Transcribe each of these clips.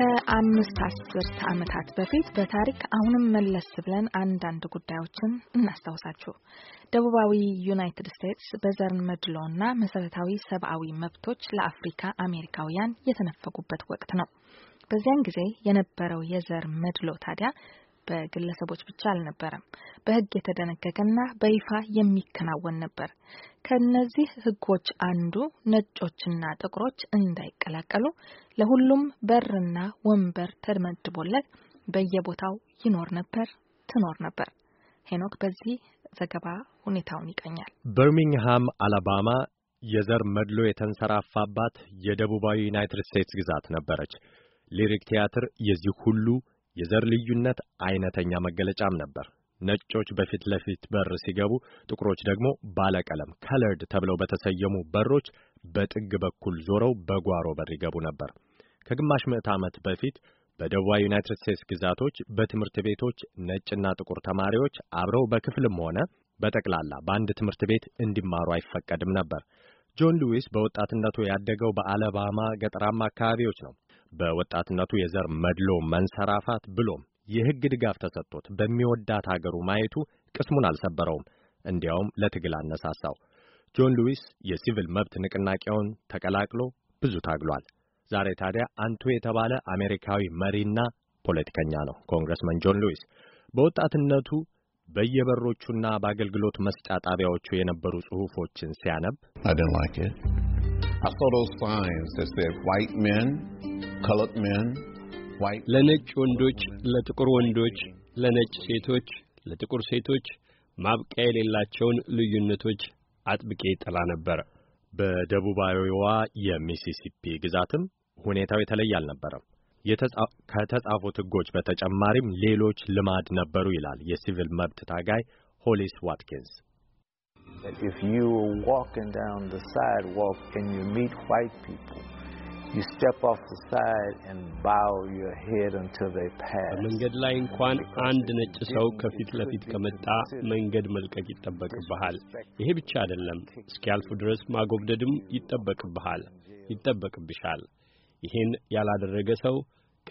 ከአምስት አስርት ዓመታት በፊት በታሪክ አሁንም መለስ ብለን አንዳንድ ጉዳዮችን እናስታውሳችሁ። ደቡባዊ ዩናይትድ ስቴትስ በዘር መድሎና መሰረታዊ ሰብአዊ መብቶች ለአፍሪካ አሜሪካውያን የተነፈጉበት ወቅት ነው። በዚያን ጊዜ የነበረው የዘር መድሎ ታዲያ በግለሰቦች ብቻ አልነበረም። በህግ የተደነገገና በይፋ የሚከናወን ነበር። ከነዚህ ህጎች አንዱ ነጮችና ጥቁሮች እንዳይቀላቀሉ ለሁሉም በርና ወንበር ተመድቦለት በየቦታው ይኖር ነበር፣ ትኖር ነበር። ሄኖክ በዚህ ዘገባ ሁኔታውን ይቀኛል። በርሚንግሃም አላባማ የዘር መድሎ የተንሰራፋባት የደቡባዊ ዩናይትድ ስቴትስ ግዛት ነበረች። ሊሪክ ቲያትር የዚህ ሁሉ የዘር ልዩነት አይነተኛ መገለጫም ነበር። ነጮች በፊት ለፊት በር ሲገቡ፣ ጥቁሮች ደግሞ ባለቀለም ከለርድ ተብለው በተሰየሙ በሮች በጥግ በኩል ዞረው በጓሮ በር ይገቡ ነበር። ከግማሽ ምዕት ዓመት በፊት በደቡባዊ ዩናይትድ ስቴትስ ግዛቶች በትምህርት ቤቶች ነጭና ጥቁር ተማሪዎች አብረው በክፍልም ሆነ በጠቅላላ በአንድ ትምህርት ቤት እንዲማሩ አይፈቀድም ነበር። ጆን ሉዊስ በወጣትነቱ ያደገው በአለባማ ገጠራማ አካባቢዎች ነው። በወጣትነቱ የዘር መድሎ መንሰራፋት ብሎም የሕግ ድጋፍ ተሰጥቶት በሚወዳት አገሩ ማየቱ ቅስሙን አልሰበረውም፣ እንዲያውም ለትግል አነሳሳው። ጆን ሉዊስ የሲቪል መብት ንቅናቄውን ተቀላቅሎ ብዙ ታግሏል። ዛሬ ታዲያ አንቱ የተባለ አሜሪካዊ መሪና ፖለቲከኛ ነው። ኮንግረስመን ጆን ሉዊስ በወጣትነቱ በየበሮቹና በአገልግሎት መስጫ ጣቢያዎቹ የነበሩ ጽሑፎችን ሲያነብ I saw those signs that said white men, colored men, white ለነጭ ወንዶች፣ ለጥቁር ወንዶች፣ ለነጭ ሴቶች፣ ለጥቁር ሴቶች ማብቂያ የሌላቸውን ልዩነቶች አጥብቄ ጥላ ነበር። በደቡባዊዋ የሚሲሲፒ ግዛትም ሁኔታው የተለየ አልነበረም። ከተጻፉት ሕጎች በተጨማሪም ሌሎች ልማድ ነበሩ ይላል የሲቪል መብት ታጋይ ሆሊስ ዋትኪንስ። If you are walking down the sidewalk and you meet white people, you step off the side and bow your head until they pass. መንገድ ላይ እንኳን አንድ ነጭ ሰው ከፊት ለፊት ከመጣ መንገድ መልቀቅ ይጠበቅብሃል። ይሄ ብቻ አይደለም፣ እስኪያልፉ ድረስ ማጎብደድም ይጠበቅብሃል ይጠበቅብሻል። ይህን ያላደረገ ሰው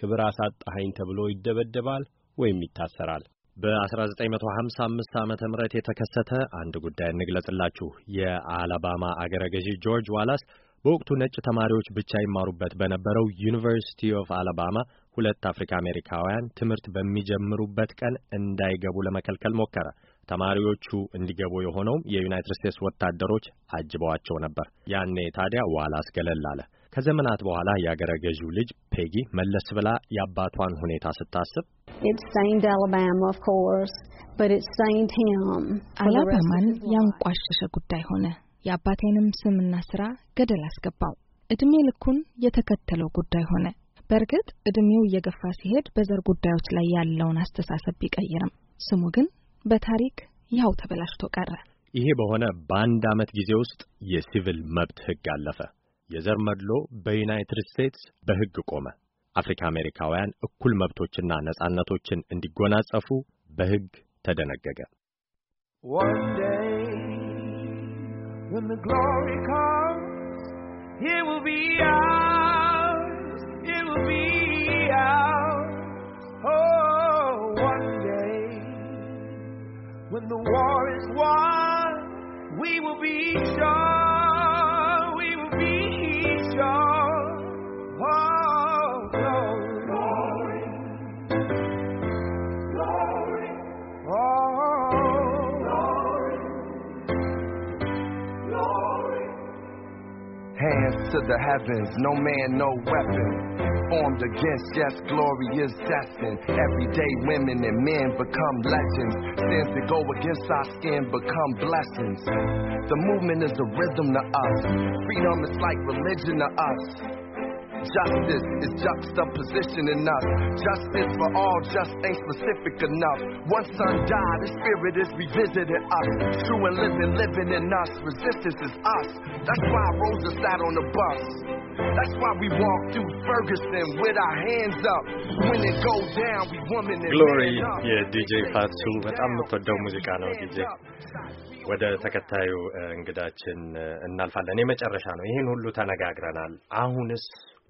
ክብር አሳጣኸኝ ተብሎ ይደበደባል ወይም ይታሰራል። በ1955 ዓ ም የተከሰተ አንድ ጉዳይ እንግለጽላችሁ። የአላባማ አገረ ገዢ ጆርጅ ዋላስ በወቅቱ ነጭ ተማሪዎች ብቻ ይማሩበት በነበረው ዩኒቨርሲቲ ኦፍ አላባማ ሁለት አፍሪካ አሜሪካውያን ትምህርት በሚጀምሩበት ቀን እንዳይገቡ ለመከልከል ሞከረ። ተማሪዎቹ እንዲገቡ የሆነውም የዩናይትድ ስቴትስ ወታደሮች አጅበዋቸው ነበር። ያኔ ታዲያ ዋላስ ገለል አለ። ከዘመናት በኋላ የአገረ ገዢው ልጅ ፔጊ መለስ ብላ የአባቷን ሁኔታ ስታስብ አላባማን ያንቋሸሸ ጉዳይ ሆነ። የአባቴንም ስምና ስራ ገደል አስገባው። እድሜ ልኩን የተከተለው ጉዳይ ሆነ። በእርግጥ እድሜው እየገፋ ሲሄድ በዘር ጉዳዮች ላይ ያለውን አስተሳሰብ ቢቀይርም ስሙ ግን በታሪክ ያው ተበላሽቶ ቀረ። ይሄ በሆነ በአንድ ዓመት ጊዜ ውስጥ የሲቪል መብት ሕግ አለፈ። የዘር መድሎ በዩናይትድ ስቴትስ በህግ ቆመ። አፍሪካ አሜሪካውያን እኩል መብቶችና ነጻነቶችን እንዲጎናጸፉ በህግ ተደነገገ። When the war is won, we will be sure. to the heavens, no man, no weapon formed against, yes, glory is destined. Everyday women and men become legends. Sins that go against our skin become blessings. The movement is a rhythm to us. Freedom is like religion to us. Justice is juxtaposition in us. Justice for all just ain't specific enough. One son died, his spirit is revisiting us. True and living, living in us. Resistance is us. That's why Rosa sat on the bus. That's why we walk through Ferguson with our hands up. When it goes down, we woman and Glory የዲጄ ፋሱ በጣም የምትወደው ሙዚቃ ነው ዲጄ። ወደ ተከታዩ uh, እንግዳችን uh, እናልፋለን። የመጨረሻ ነው። ይህን ሁሉ ተነጋግረናል። አሁንስ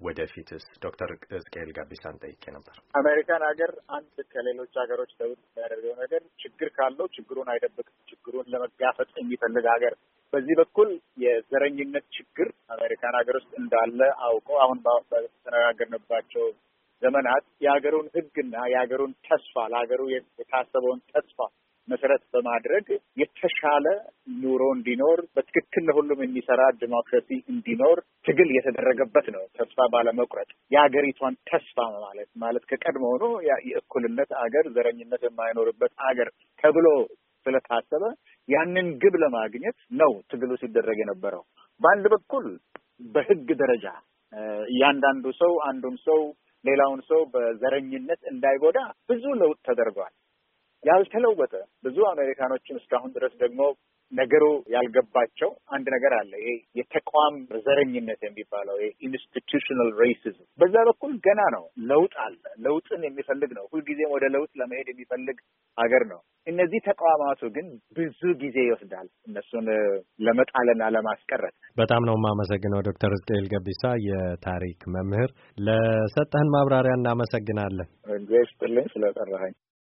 ወደፊትስ? ዶክተር ሕዝቅኤል ጋቢሳን ጠይቄ ነበር። አሜሪካን ሀገር አንድ ከሌሎች ሀገሮች ለውጥ የሚያደርገው ነገር ችግር ካለው ችግሩን አይደብቅም። ችግሩን ለመጋፈጥ የሚፈልግ ሀገር በዚህ በኩል የዘረኝነት ችግር አሜሪካን ሀገር ውስጥ እንዳለ አውቀው አሁን በተነጋገርንባቸው ዘመናት የሀገሩን ሕግና የሀገሩን ተስፋ ለሀገሩ የታሰበውን ተስፋ መሰረት በማድረግ የተሻለ ኑሮ እንዲኖር በትክክል ለሁሉም የሚሰራ ዲሞክራሲ እንዲኖር ትግል የተደረገበት ነው። ተስፋ ባለመቁረጥ የሀገሪቷን ተስፋ ማለት ማለት ከቀድሞ ሆኖ የእኩልነት አገር ዘረኝነት የማይኖርበት አገር ተብሎ ስለታሰበ ያንን ግብ ለማግኘት ነው ትግሉ ሲደረግ የነበረው። በአንድ በኩል በህግ ደረጃ እያንዳንዱ ሰው አንዱን ሰው ሌላውን ሰው በዘረኝነት እንዳይጎዳ ብዙ ለውጥ ተደርጓል። ያልተለወጠ ብዙ አሜሪካኖችን እስካሁን ድረስ ደግሞ ነገሩ ያልገባቸው አንድ ነገር አለ። ይሄ የተቋም ዘረኝነት የሚባለው ኢንስቲቱሽናል ሬሲዝም በዛ በኩል ገና ነው። ለውጥ አለ። ለውጥን የሚፈልግ ነው። ሁልጊዜም ወደ ለውጥ ለመሄድ የሚፈልግ አገር ነው። እነዚህ ተቋማቱ ግን ብዙ ጊዜ ይወስዳል እነሱን ለመጣልና ለማስቀረት። በጣም ነው የማመሰግነው ዶክተር ሕዝቅኤል ገቢሳ የታሪክ መምህር፣ ለሰጠህን ማብራሪያ እናመሰግናለን። ስጥልኝ ስለጠራኸኝ።